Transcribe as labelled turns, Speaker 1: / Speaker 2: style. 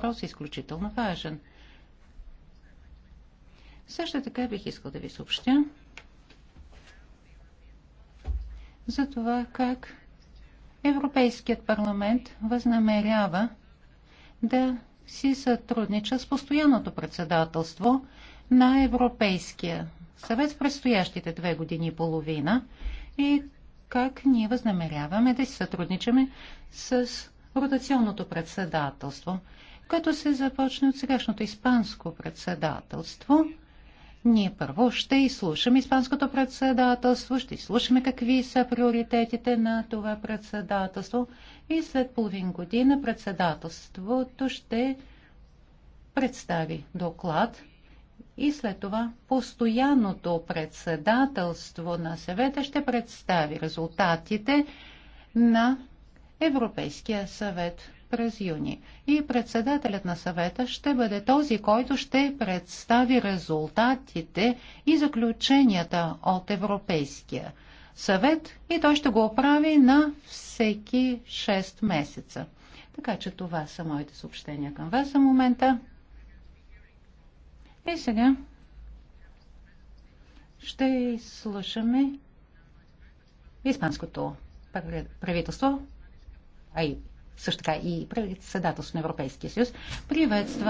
Speaker 1: въпрос е изключително важен. Също така бих искал да ви съобщя за това как Европейският парламент възнамерява да си сътруднича с постоянното председателство на Европейския съвет в предстоящите две години и половина и как ние възнамеряваме да си сътрудничаме с ротационното председателство като се започне от сегашното испанско председателство. Ние първо ще изслушаме Испанското председателство, ще изслушаме какви са приоритетите на това председателство и след половин година председателството ще представи доклад и след това постоянното председателство на съвета ще представи резултатите на Европейския съвет през юни. И председателят на съвета ще бъде този, който ще представи резултатите и заключенията от Европейския съвет и той ще го оправи на всеки 6 месеца. Така че това са моите съобщения към вас за момента. И сега ще слушаме испанското правителство, Ай също така и председателство на Европейския съюз, приветства